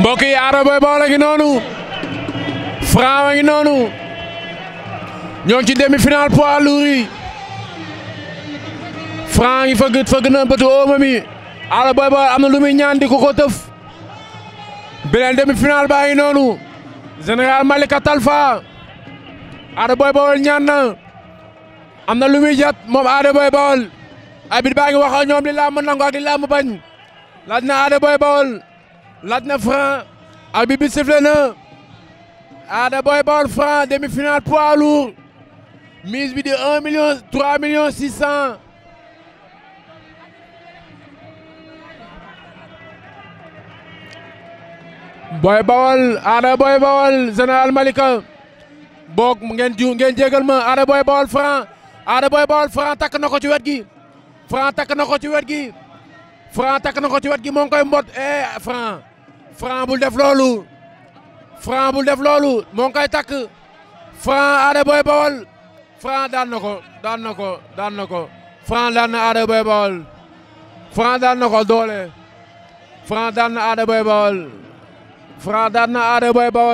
mbokk yi Ada Boy Baol ngi noonu Franc a ngi noonu ñoo ci demi-finale poids lourd yi ngi fëgg fëgg na bëtu ooma Ada Boy Baol am na lu muy ñaan di ko ko demi-finale baa ngi noonu Général Malika Talfa Ada Boy Baol ñaan na am na lu muy jat moom Ada Boy Baol abit baa ngi wax ñoom li làmb nangu ak li làmb bañ laaj Ada Boy Baol laaj na Franc arbitre bi na Ada Boy Baol Franc demi-finale poids lourd mise bi di 1 million 3 millions 600 Boy Baol Ada Boy Baol Général Malika boog ngeen ju ngeen jégal ma Ada Boy Baol Franc Ada Boy Baol Franc takk na ko ci wet gi Franc takk na ko ci wet gi Franc takk na ko ci wet gi moo koy mbot eh Franc Franc bul def loolu Franc bul def loolu moo ngi koy takk Franc Ada Boy Baol Franc daan na ko daan na ko daan na ko Boy Baol Franc daan na doole Franc daan na Ada Boy Baol Franc daan na Ada Boy Baol